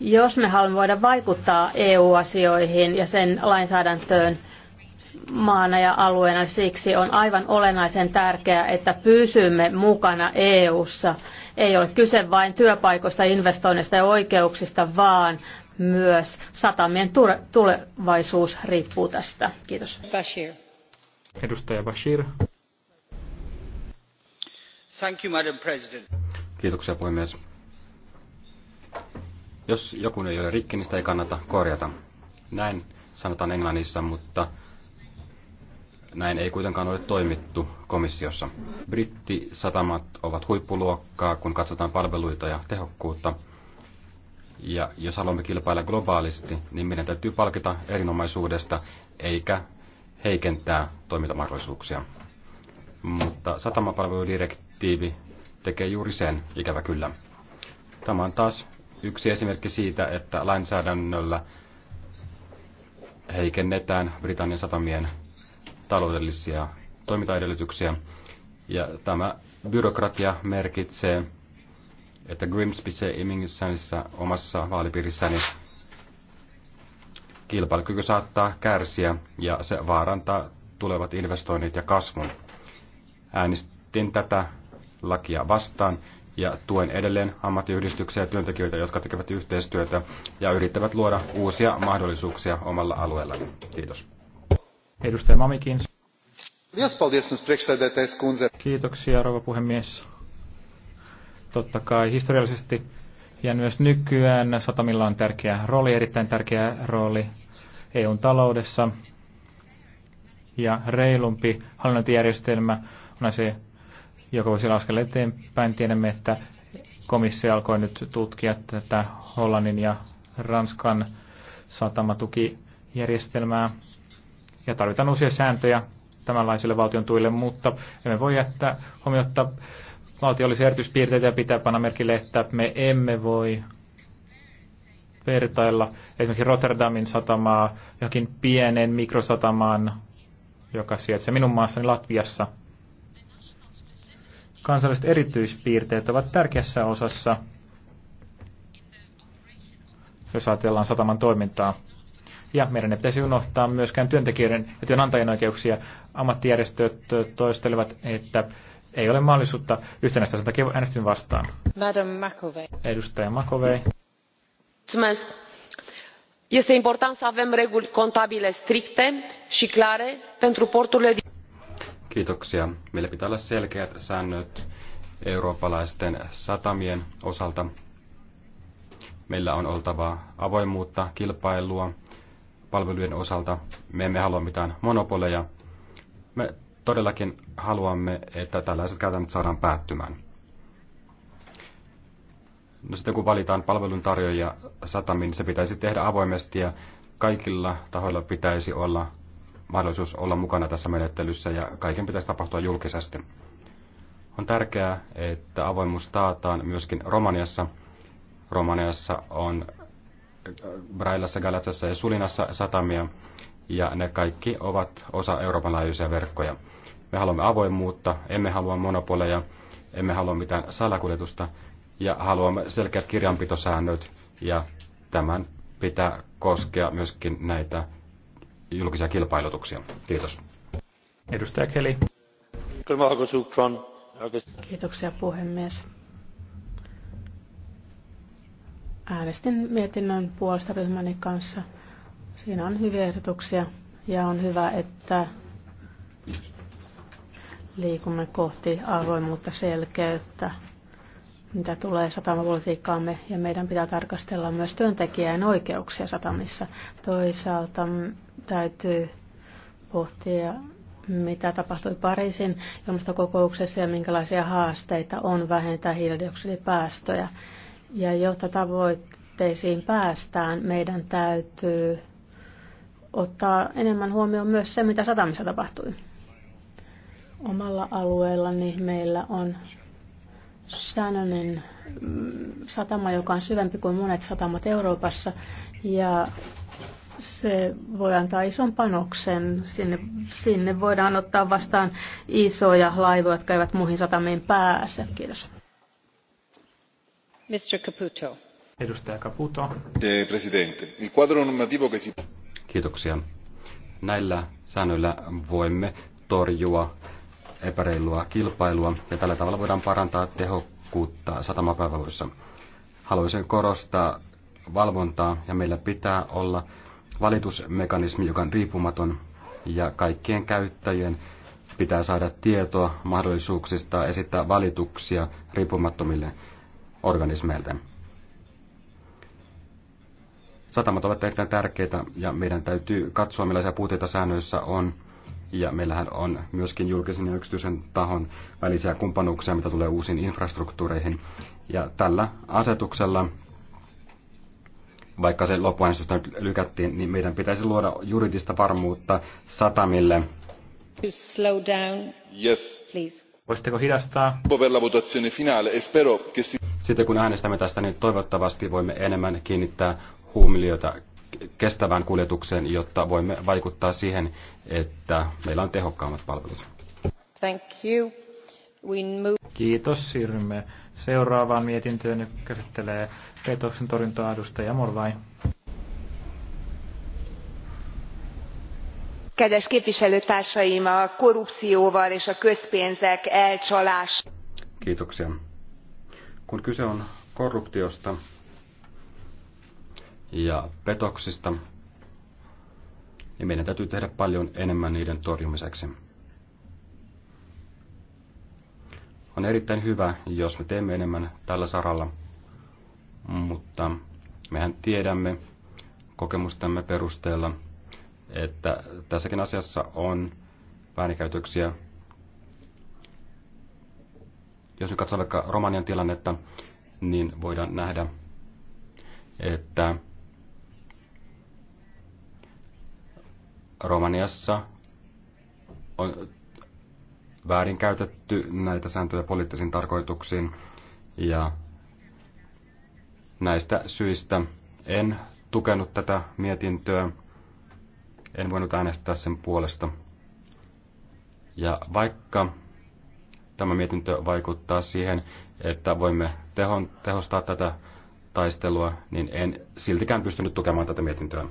Jos me haluamme voida vaikuttaa EU-asioihin ja sen lainsäädäntöön, maana ja alueena siksi on aivan olennaisen tärkeää, että pysymme mukana EU:ssa ei ole kyse vain työpaikoista, investoinneista ja oikeuksista, vaan myös satamien tulevaisuus riippuu tästä. Kiitos. Bashir. Edustaja Bashir. Thank you, Madam President. Kiitoksia puhemies. Jos joku ei ole rikki, niin sitä ei kannata korjata. Näin sanotaan Englannissa, mutta näin ei kuitenkaan ole toimittu komissiossa. Brittisatamat ovat huippuluokkaa, kun katsotaan palveluita ja tehokkuutta. Ja jos haluamme kilpailla globaalisti, niin meidän täytyy palkita erinomaisuudesta eikä heikentää toimintamahdollisuuksia. Mutta satamapalveludirektiivi tekee juuri sen, ikävä kyllä. Tämä on taas yksi esimerkki siitä, että lainsäädännöllä heikennetään Britannian satamien taloudellisia toimintaedellytyksiä. Ja tämä byrokratia merkitsee, että Grimsbyssä Immingissänissä omassa vaalipiirissäni kilpailukyky saattaa kärsiä ja se vaarantaa tulevat investoinnit ja kasvun. Äänestin tätä lakia vastaan ja tuen edelleen ammattiyhdistyksiä ja työntekijöitä, jotka tekevät yhteistyötä ja yrittävät luoda uusia mahdollisuuksia omalla alueellani. Kiitos. Edustaja Mamikin. Kiitoksia, rouva puhemies. Totta kai historiallisesti ja myös nykyään satamilla on tärkeä rooli, erittäin tärkeä rooli EUn taloudessa. Ja reilumpi hallinnointijärjestelmä on se, joka voisi laskella eteenpäin. Tiedämme, että komissio alkoi nyt tutkia tätä Hollannin ja Ranskan satamatukijärjestelmää ja tarvitaan uusia sääntöjä tämänlaisille valtion tuille, mutta emme voi jättää huomiota valtiollisia erityispiirteitä ja pitää panna merkille, että me emme voi vertailla esimerkiksi Rotterdamin satamaa johonkin pienen mikrosatamaan, joka sijaitsee minun maassani Latviassa. Kansalliset erityispiirteet ovat tärkeässä osassa, jos ajatellaan sataman toimintaa. Ja meidän ei pitäisi unohtaa myöskään työntekijöiden ja työnantajien oikeuksia. Ammattijärjestöt toistelevat, että ei ole mahdollisuutta yhtenäistä, sen takia äänestin vastaan. Madam McAvey. Edustaja McAvey. Mulțumesc. Este important să avem reguli contabile stricte și clare pentru porturile din... Kiitoksia. Meillä pitää olla selkeät säännöt eurooppalaisten satamien osalta. Meillä on oltava avoimuutta, kilpailua palvelujen osalta. Me emme halua mitään monopoleja. Me todellakin haluamme, että tällaiset käytännöt saadaan päättymään. No sitten kun valitaan palveluntarjoajia satamiin, niin se pitäisi tehdä avoimesti ja kaikilla tahoilla pitäisi olla mahdollisuus olla mukana tässä menettelyssä ja kaiken pitäisi tapahtua julkisesti. On tärkeää, että avoimuus taataan myöskin Romaniassa. Romaniassa on Brailassa, Galatsassa ja Sulinassa satamia, ja ne kaikki ovat osa Euroopan laajuisia verkkoja. Me haluamme avoimuutta, emme halua monopoleja, emme halua mitään salakuljetusta, ja haluamme selkeät kirjanpitosäännöt, ja tämän pitää koskea myöskin näitä julkisia kilpailutuksia. Kiitos. Edustaja Keli. Kiitoksia puhemies. Äänestin mietinnön puolesta ryhmäni kanssa. Siinä on hyviä ehdotuksia ja on hyvä, että liikumme kohti avoimuutta selkeyttä, mitä tulee satamapolitiikkaamme, ja meidän pitää tarkastella myös työntekijän oikeuksia satamissa. Toisaalta täytyy pohtia, mitä tapahtui Pariisin ilmastokokouksessa ja minkälaisia haasteita on vähentää hiilidioksidipäästöjä. päästöjä ja jotta tavoitteisiin päästään, meidän täytyy ottaa enemmän huomioon myös se, mitä satamissa tapahtui. Omalla alueellani meillä on säännöllinen mm, satama, joka on syvempi kuin monet satamat Euroopassa. Ja se voi antaa ison panoksen. Sinne, sinne voidaan ottaa vastaan isoja laivoja, jotka eivät muihin satamiin pääse. Kiitos arvoisa Caputo. Näillä säännöillä voimme torjua epäreilua kilpailua ja tällä tavalla voidaan parantaa tehokkuutta satamapalveluissa. Haluaisin korostaa valvontaa ja meillä pitää olla valitusmekanismi, joka on riippumaton ja kaikkien käyttäjien pitää saada tietoa mahdollisuuksista esittää valituksia riippumattomille organismeilta. Satamat ovat erittäin tärkeitä ja meidän täytyy katsoa, millaisia puutteita säännöissä on. Ja meillähän on myöskin julkisen ja yksityisen tahon välisiä kumppanuuksia, mitä tulee uusiin infrastruktuureihin. Ja tällä asetuksella, vaikka se loppuäänestystä nyt lykättiin, niin meidän pitäisi luoda juridista varmuutta satamille. Slow down, yes. please. Voisitteko hidastaa? E Sitten kun äänestämme tästä, niin toivottavasti voimme enemmän kiinnittää huumiliota kestävään kuljetukseen, jotta voimme vaikuttaa siihen, että meillä on tehokkaammat palvelut. Thank you. We move... Kiitos, siirrymme seuraavaan mietintöön, joka käsittelee petoksen torjuntaa edustaja Morvain. kedves képviselőtársaim a korrupcióval és a közpénzek elcsalásával. Kiitoksia. Kun kyse on korruptiosta ja petoksista, niin meidän täytyy tehdä paljon enemmän niiden torjumiseksi. On erittäin hyvä, jos me teemme enemmän tällä saralla, mutta mehän tiedämme kokemustamme perusteella, että tässäkin asiassa on väärinkäytöksiä. Jos nyt katsoo vaikka Romanian tilannetta, niin voidaan nähdä, että Romaniassa on väärinkäytetty näitä sääntöjä poliittisiin tarkoituksiin ja näistä syistä en tukenut tätä mietintöä en voinut äänestää sen puolesta. Ja vaikka tämä mietintö vaikuttaa siihen, että voimme tehon, tehostaa tätä taistelua, niin en siltikään pystynyt tukemaan tätä mietintöä.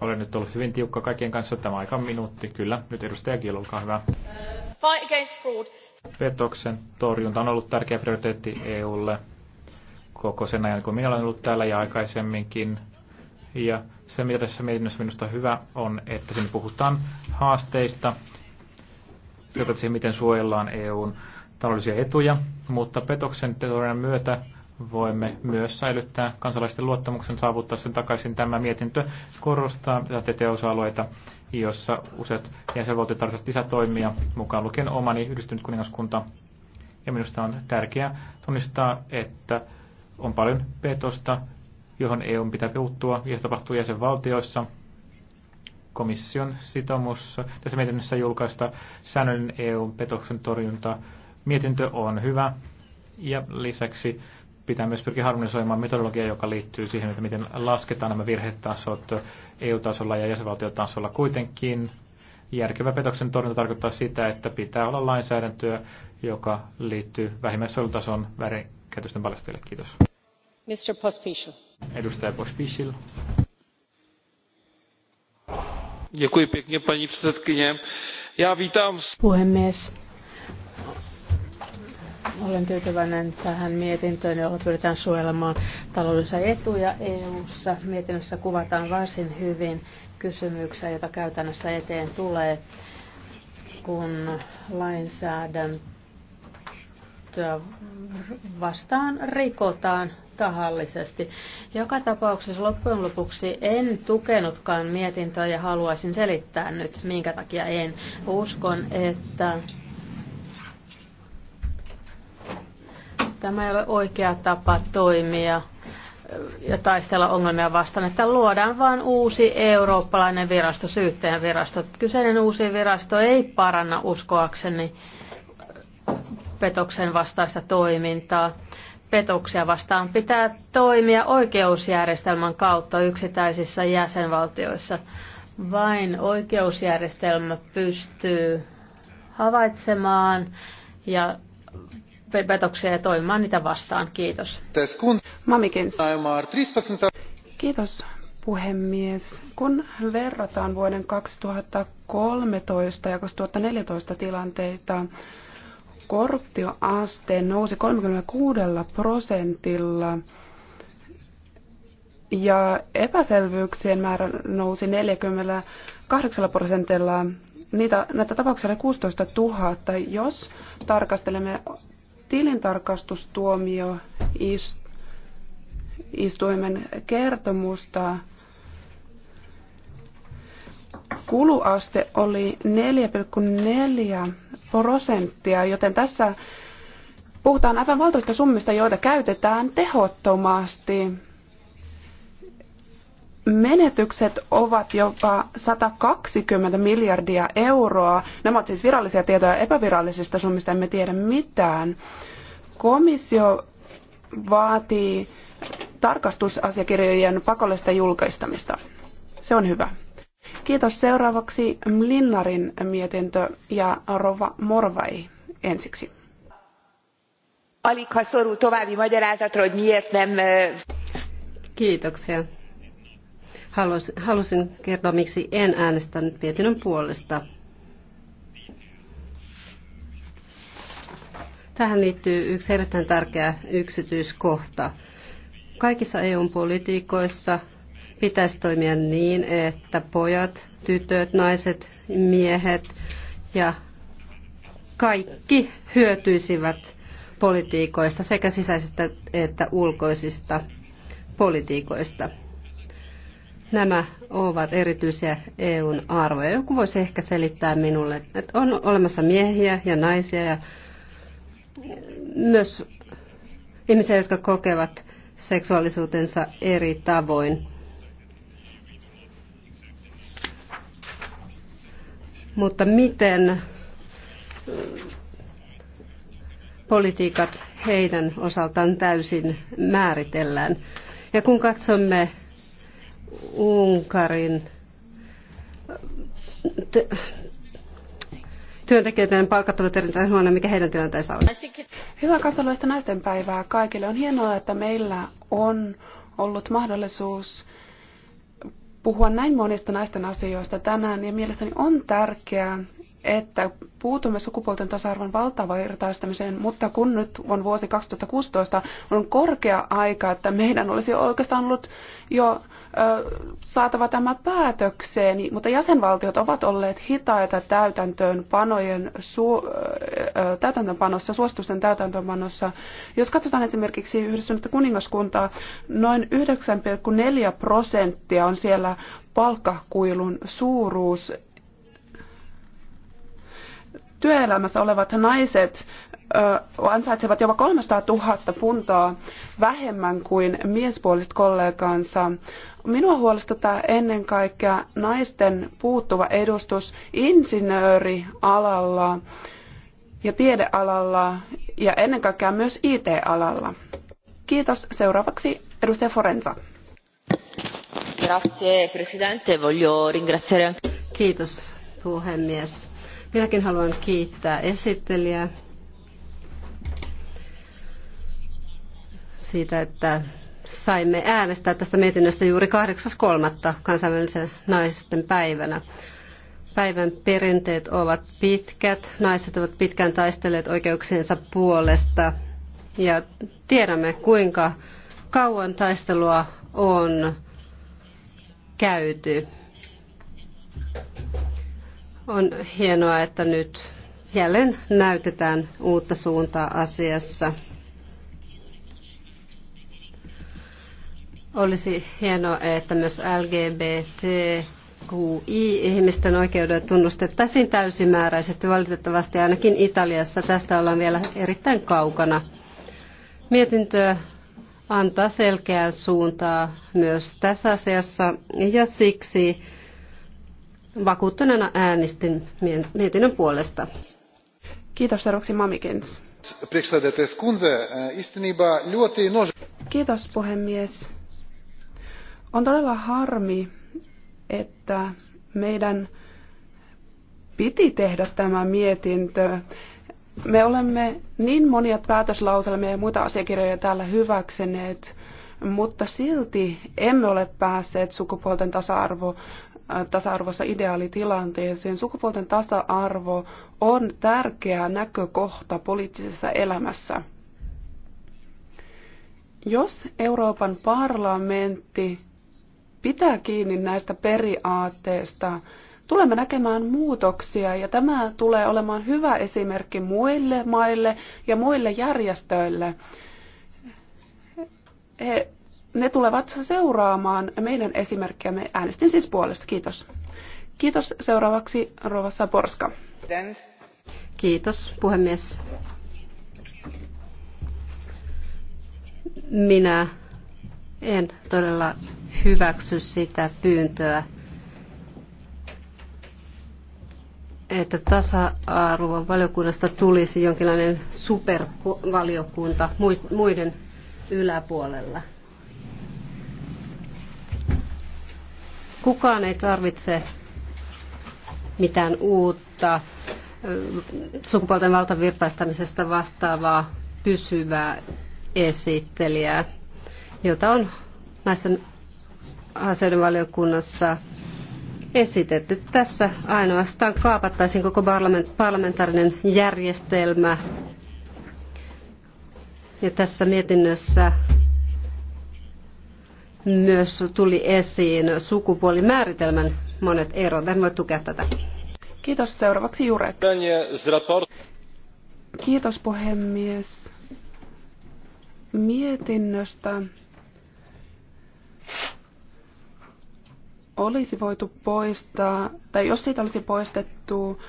Olen nyt ollut hyvin tiukka kaikkien kanssa tämä aika minuutti. Kyllä, nyt edustaja Kiel, olkaa hyvä. Petoksen torjunta on ollut tärkeä prioriteetti EUlle koko sen ajan, kun minä olen ollut täällä ja aikaisemminkin. Ja se, mitä tässä mietinnössä minusta hyvä on, että siinä puhutaan haasteista, sieltä siihen, miten suojellaan EUn taloudellisia etuja, mutta petoksen teorian myötä voimme myös säilyttää kansalaisten luottamuksen saavuttaa sen takaisin. Tämä mietintö korostaa tätä osa-alueita, jossa useat jäsenvaltiot tarvitsevat lisätoimia, mukaan lukien omani yhdistynyt kuningaskunta. Ja minusta on tärkeää tunnistaa, että on paljon petosta, johon EU pitää puuttua, ja se tapahtuu jäsenvaltioissa. Komission sitomus tässä mietinnössä julkaista säännöllinen EU-petoksen torjunta. Mietintö on hyvä, ja lisäksi pitää myös pyrkiä harmonisoimaan metodologiaa, joka liittyy siihen, että miten lasketaan nämä virhetasot EU-tasolla ja jäsenvaltiotasolla kuitenkin. Järkevä petoksen torjunta tarkoittaa sitä, että pitää olla lainsäädäntöä, joka liittyy vähimmäissuojelutason väärinkäytösten paljastajille. Kiitos. Mr. Pospisil. Edustaja Pospisil. Děkuji pěkně, paní předsedkyně. Já vítám... Puhemies. Olen tyytyväinen tähän mietintöön, jolla pyritään suojelemaan taloudellisia etuja EU-ssa. Mietinnössä kuvataan varsin hyvin kysymyksiä, joita käytännössä eteen tulee, kun lainsäädäntöä vastaan rikotaan tahallisesti. Joka tapauksessa loppujen lopuksi en tukenutkaan mietintöä ja haluaisin selittää nyt, minkä takia en. Uskon, että tämä ei ole oikea tapa toimia ja taistella ongelmia vastaan, että luodaan vain uusi eurooppalainen virasto, syyttäjän virasto. Kyseinen uusi virasto ei paranna uskoakseni petoksen vastaista toimintaa petoksia vastaan pitää toimia oikeusjärjestelmän kautta yksittäisissä jäsenvaltioissa. Vain oikeusjärjestelmä pystyy havaitsemaan ja petoksia ja toimimaan niitä vastaan. Kiitos. Kiitos puhemies. Kun verrataan vuoden 2013 ja 2014 tilanteita, korruptioaste nousi 36 prosentilla ja epäselvyyksien määrä nousi 48 prosentilla. Niitä, näitä tapauksia oli 16 000. Jos tarkastelemme tilintarkastustuomioistuimen kertomusta, kuluaste oli 4,4 prosenttia, joten tässä puhutaan aivan valtavista summista, joita käytetään tehottomasti. Menetykset ovat jopa 120 miljardia euroa. Nämä ovat siis virallisia tietoja epävirallisista summista, emme tiedä mitään. Komissio vaatii tarkastusasiakirjojen pakollista julkaistamista. Se on hyvä. Kiitos. Seuraavaksi Linnarin mietintö ja Rova Morvai ensiksi. Alikha ha szorul további magyarázatra, hogy miért nem... Kiitoksia. Halusin, halusin kertoa, miksi en äänestänyt mietinnön puolesta. Tähän liittyy yksi erittäin tärkeä yksityiskohta. Kaikissa eu politiikoissa pitäisi toimia niin, että pojat, tytöt, naiset, miehet ja kaikki hyötyisivät politiikoista sekä sisäisistä että ulkoisista politiikoista. Nämä ovat erityisiä EUn arvoja. Joku voisi ehkä selittää minulle, että on olemassa miehiä ja naisia ja myös ihmisiä, jotka kokevat seksuaalisuutensa eri tavoin. Mutta miten politiikat heidän osaltaan täysin määritellään? Ja kun katsomme Unkarin työntekijöiden palkat ovat erittäin huono, mikä heidän tilanteensa on. Hyvää kansalaista naisten päivää kaikille. On hienoa, että meillä on ollut mahdollisuus puhua näin monista naisten asioista tänään ja niin mielestäni on tärkeää, että puutumme sukupuolten tasa-arvon valtavirtaistamiseen, mutta kun nyt on vuosi 2016, on korkea aika, että meidän olisi oikeastaan ollut jo saatava tämä päätökseen, mutta jäsenvaltiot ovat olleet hitaita täytäntöönpanojen, su, täytäntöönpanossa, suositusten täytäntöönpanossa. Jos katsotaan esimerkiksi yhdistynyttä kuningaskuntaa, noin 9,4 prosenttia on siellä palkkakuilun suuruus. Työelämässä olevat naiset ansaitsevat jopa 300 000 puntaa vähemmän kuin miespuoliset kollegansa. Minua huolestuttaa ennen kaikkea naisten puuttuva edustus insinöörialalla ja tiedealalla ja ennen kaikkea myös IT-alalla. Kiitos. Seuraavaksi edustaja Forenza. Grazie, presidente. Voglio ringraziare... Kiitos, puhemies. Minäkin haluan kiittää esittelijää siitä, että saimme äänestää tästä mietinnöstä juuri 8.3. kansainvälisen naisten päivänä. Päivän perinteet ovat pitkät. Naiset ovat pitkään taistelleet oikeuksiensa puolesta. Ja tiedämme, kuinka kauan taistelua on käyty. On hienoa, että nyt jälleen näytetään uutta suuntaa asiassa. Olisi hienoa, että myös LGBTQI-ihmisten oikeudet tunnustettaisiin täysimääräisesti. Valitettavasti ainakin Italiassa tästä ollaan vielä erittäin kaukana. Mietintö antaa selkeää suuntaa myös tässä asiassa ja siksi vakuuttuneena äänestin mietinnön puolesta. Kiitos seuraavaksi Mamikens. Kiitos puhemies. On todella harmi, että meidän piti tehdä tämä mietintö. Me olemme niin monia päätöslauselmia ja muita asiakirjoja täällä hyväksyneet, mutta silti emme ole päässeet sukupuolten tasa-arvo äh, tasa-arvossa ideaalitilanteeseen. Sukupuolten tasa-arvo on tärkeä näkökohta poliittisessa elämässä. Jos Euroopan parlamentti pitää kiinni näistä periaatteista. Tulemme näkemään muutoksia ja tämä tulee olemaan hyvä esimerkki muille maille ja muille järjestöille. He, ne tulevat seuraamaan meidän esimerkkiämme. Äänestin siis puolesta. Kiitos. Kiitos. Seuraavaksi Rova Saborska. Kiitos, puhemies. Minä en todella hyväksy sitä pyyntöä, että tasa-arvon valiokunnasta tulisi jonkinlainen supervaliokunta muiden yläpuolella. Kukaan ei tarvitse mitään uutta sukupuolten valtavirtaistamisesta vastaavaa pysyvää esittelijää jota on naisten asioiden valiokunnassa esitetty. Tässä ainoastaan kaapattaisiin koko parlament, parlamentaarinen järjestelmä. Ja tässä mietinnössä myös tuli esiin sukupuolimääritelmän monet erot. En voi tukea tätä. Kiitos. Seuraavaksi Jure. Kiitos puhemies mietinnöstä olisi voitu poistaa, tai jos siitä olisi poistettu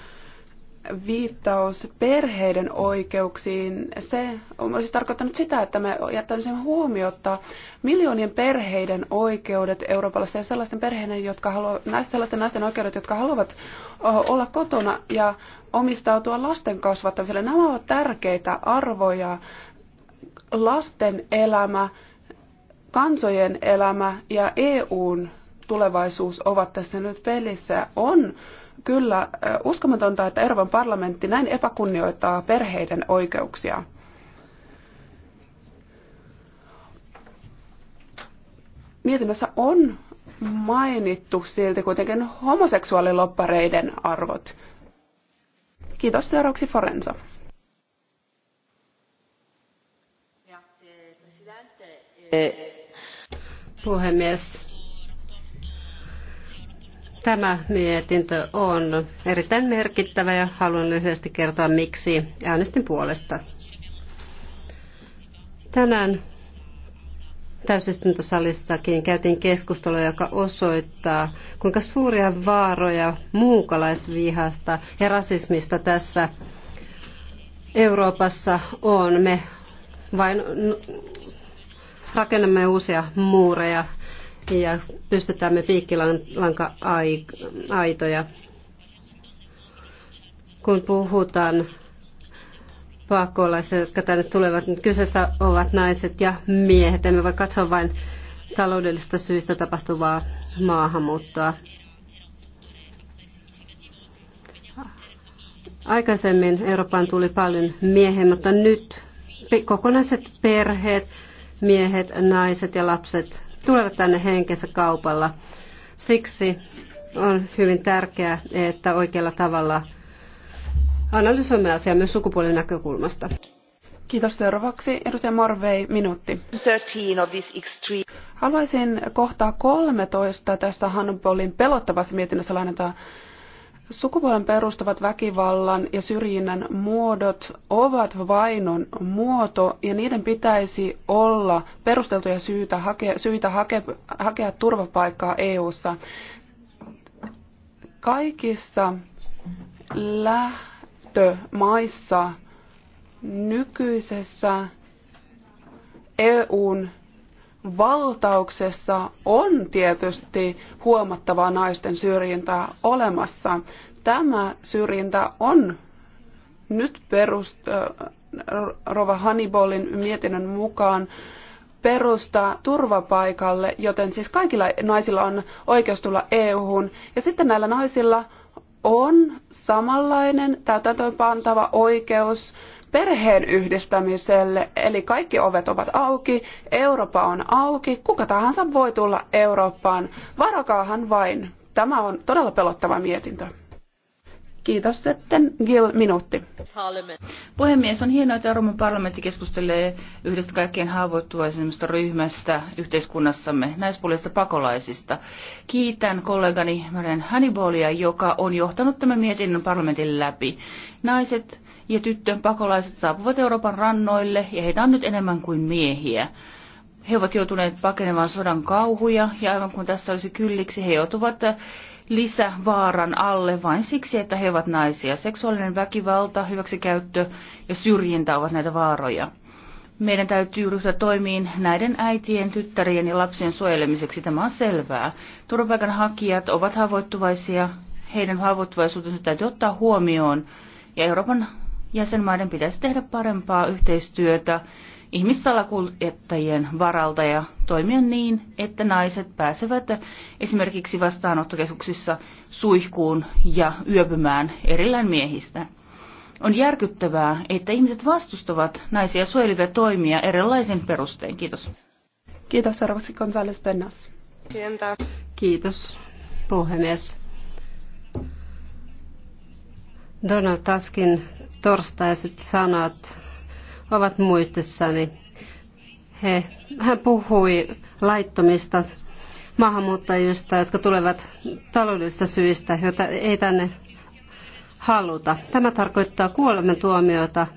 viittaus perheiden oikeuksiin, se olisi tarkoittanut sitä, että me jättäisimme huomiota miljoonien perheiden oikeudet Euroopassa ja sellaisten perheiden, jotka haluavat, sellaisten naisten oikeudet, jotka haluavat olla kotona ja omistautua lasten kasvattamiselle. Nämä ovat tärkeitä arvoja. Lasten elämä kansojen elämä ja EUn tulevaisuus ovat tässä nyt pelissä. On kyllä uskomatonta, että Euroopan parlamentti näin epäkunnioittaa perheiden oikeuksia. Mietinnössä on mainittu silti kuitenkin homoseksuaaliloppareiden arvot. Kiitos seuraavaksi Forensa. Eh puhemies. Tämä mietintö on erittäin merkittävä ja haluan lyhyesti kertoa, miksi äänestin puolesta. Tänään täysistuntosalissakin käytiin keskustelua, joka osoittaa, kuinka suuria vaaroja muukalaisvihasta ja rasismista tässä Euroopassa on. Me vain rakennamme uusia muureja ja pystytämme piikkilanka-aitoja. Kun puhutaan pakolaisista, jotka tänne tulevat, niin kyseessä ovat naiset ja miehet. Emme voi katsoa vain taloudellista syistä tapahtuvaa maahanmuuttoa. Aikaisemmin Eurooppaan tuli paljon miehiä, mutta nyt kokonaiset perheet miehet, naiset ja lapset tulevat tänne henkensä kaupalla. Siksi on hyvin tärkeää, että oikealla tavalla analysoimme asiaa myös sukupuolen näkökulmasta. Kiitos seuraavaksi. Edustaja Marvei minuutti. Haluaisin kohtaa 13 tässä Hannibalin pelottavassa mietinnössä lainataan Sukupuolen perustuvat väkivallan ja syrjinnän muodot ovat vainon muoto ja niiden pitäisi olla perusteltuja syitä hakea, syitä hake, hakea turvapaikkaa EU:ssa. Kaikissa lähtömaissa nykyisessä EUn valtauksessa on tietysti huomattavaa naisten syrjintää olemassa. Tämä syrjintä on nyt perust, Rova Hannibalin mietinnön mukaan perusta turvapaikalle, joten siis kaikilla naisilla on oikeus tulla EU-hun. Ja sitten näillä naisilla on samanlainen täytäntöönpantava oikeus perheen yhdistämiselle. Eli kaikki ovet ovat auki, Eurooppa on auki, kuka tahansa voi tulla Eurooppaan. Varokaahan vain. Tämä on todella pelottava mietintö. Kiitos sitten. Gil, minuutti. Puhemies, on hienoa, että Euroopan parlamentti keskustelee yhdestä kaikkein haavoittuvaisimmasta ryhmästä yhteiskunnassamme, naispuolisista pakolaisista. Kiitän kollegani Marian Hannibalia, joka on johtanut tämän mietinnön parlamentin läpi. Naiset ja tyttön pakolaiset saapuvat Euroopan rannoille ja heitä on nyt enemmän kuin miehiä. He ovat joutuneet pakenemaan sodan kauhuja ja aivan kuin tässä olisi kylliksi, he joutuvat lisävaaran alle vain siksi, että he ovat naisia. Seksuaalinen väkivalta, hyväksikäyttö ja syrjintä ovat näitä vaaroja. Meidän täytyy ryhtyä toimiin näiden äitien, tyttärien ja lapsien suojelemiseksi. Tämä on selvää. Turvapaikanhakijat ovat haavoittuvaisia. Heidän haavoittuvaisuutensa täytyy ottaa huomioon. Ja Euroopan jäsenmaiden pitäisi tehdä parempaa yhteistyötä ihmissalakuljettajien varalta ja toimia niin, että naiset pääsevät esimerkiksi vastaanottokeskuksissa suihkuun ja yöpymään erillään miehistä. On järkyttävää, että ihmiset vastustavat naisia suojelivia toimia erilaisin perustein. Kiitos. Kiitos, arvoksi González Bennas. Kiitos, puhemies. Donald Taskin torstaiset sanat ovat muistissani. He, hän puhui laittomista maahanmuuttajista, jotka tulevat taloudellisista syistä, joita ei tänne haluta. Tämä tarkoittaa tuomiota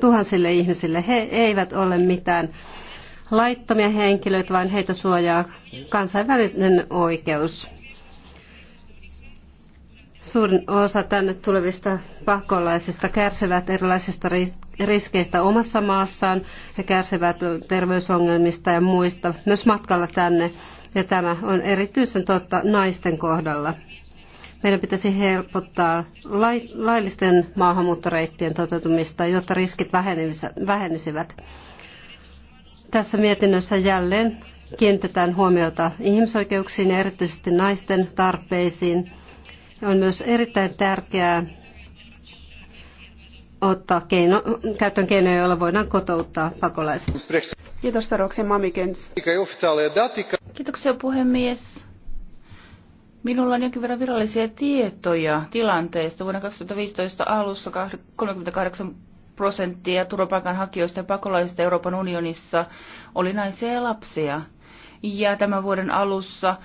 tuhansille ihmisille. He eivät ole mitään laittomia henkilöitä, vaan heitä suojaa kansainvälinen oikeus. Suurin osa tänne tulevista pakolaisista kärsivät erilaisista riskeistä omassa maassaan ja kärsivät terveysongelmista ja muista myös matkalla tänne. Ja tämä on erityisen totta naisten kohdalla. Meidän pitäisi helpottaa laillisten maahanmuuttoreittien toteutumista, jotta riskit vähenisivät. Tässä mietinnössä jälleen kiinnitetään huomiota ihmisoikeuksiin ja erityisesti naisten tarpeisiin – on myös erittäin tärkeää ottaa keino, käyttöön keinoja, joilla voidaan kotouttaa pakolaiset. Kiitos Taroksen Mamikens. Kiitoksia puhemies. Minulla on jonkin verran virallisia tietoja tilanteesta. Vuonna 2015 alussa 38 prosenttia turvapaikanhakijoista ja pakolaisista Euroopan unionissa oli naisia ja lapsia. Ja tämän vuoden alussa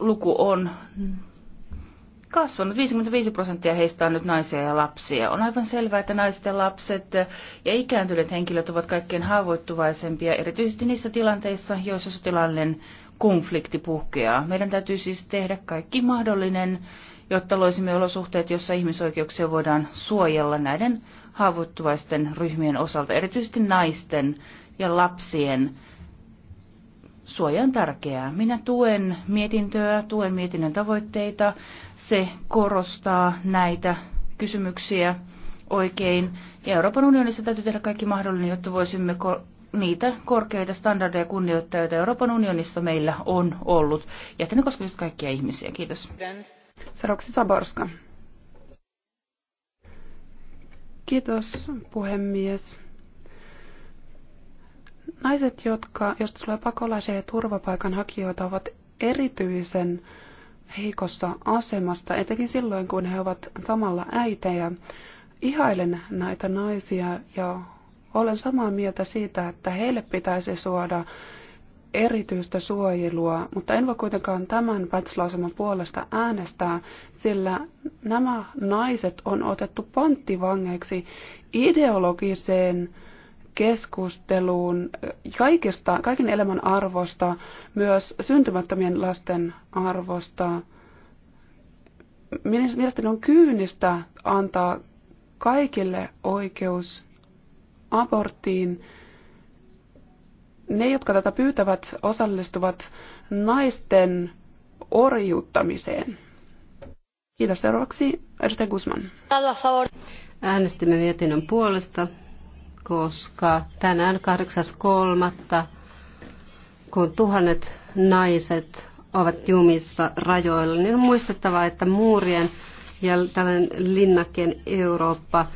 luku on kasvanut. 55 prosenttia heistä on nyt naisia ja lapsia. On aivan selvää, että naisten lapset ja ikääntyneet henkilöt ovat kaikkein haavoittuvaisempia, erityisesti niissä tilanteissa, joissa sotilaallinen konflikti puhkeaa. Meidän täytyy siis tehdä kaikki mahdollinen, jotta loisimme olosuhteet, jossa ihmisoikeuksia voidaan suojella näiden haavoittuvaisten ryhmien osalta, erityisesti naisten ja lapsien suoja on tärkeää. Minä tuen mietintöä, tuen mietinnön tavoitteita. Se korostaa näitä kysymyksiä oikein. Ja Euroopan unionissa täytyy tehdä kaikki mahdollinen, jotta voisimme ko- niitä korkeita standardeja kunnioittaa, joita Euroopan unionissa meillä on ollut. Ja että ne koskevat kaikkia ihmisiä. Kiitos. Saroksi Saborska. Kiitos, puhemies. Naiset, jotka, josta tulee pakolaisia ja turvapaikanhakijoita, ovat erityisen heikossa asemassa, etenkin silloin, kun he ovat samalla äitejä. Ihailen näitä naisia ja olen samaa mieltä siitä, että heille pitäisi suoda erityistä suojelua, mutta en voi kuitenkaan tämän päätöslauselman puolesta äänestää, sillä nämä naiset on otettu panttivangeiksi ideologiseen keskusteluun kaikista, kaiken elämän arvosta, myös syntymättömien lasten arvosta. Mielestäni on kyynistä antaa kaikille oikeus aborttiin. Ne, jotka tätä pyytävät, osallistuvat naisten orjuuttamiseen. Kiitos seuraavaksi, edustaja Guzman. Äänestimme mietinnön puolesta koska tänään 8.3. kun tuhannet naiset ovat jumissa rajoilla, niin on muistettava, että muurien ja tällainen linnakkeen Eurooppa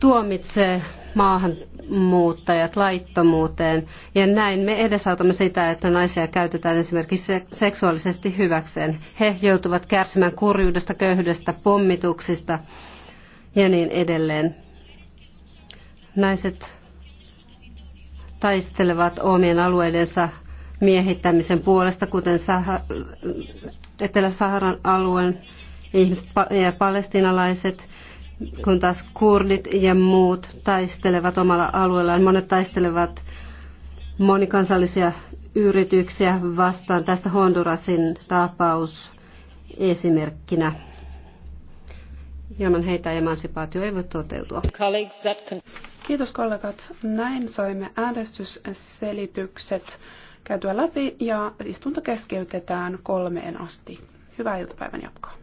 tuomitsee maahanmuuttajat laittomuuteen. Ja näin me edesautamme sitä, että naisia käytetään esimerkiksi seksuaalisesti hyväkseen. He joutuvat kärsimään kurjuudesta, köyhyydestä, pommituksista ja niin edelleen. Naiset taistelevat omien alueidensa miehittämisen puolesta, kuten Etelä-Saharan alueen ihmiset ja palestinalaiset, kun taas kurdit ja muut taistelevat omalla alueellaan. Monet taistelevat monikansallisia yrityksiä vastaan. Tästä Hondurasin tapaus esimerkkinä. Ilman heitä emansipaatio ei voi toteutua. Kiitos kollegat. Näin saimme äänestysselitykset käytyä läpi ja istunto keskeytetään kolmeen asti. Hyvää iltapäivän jatkoa.